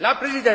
La Presidente.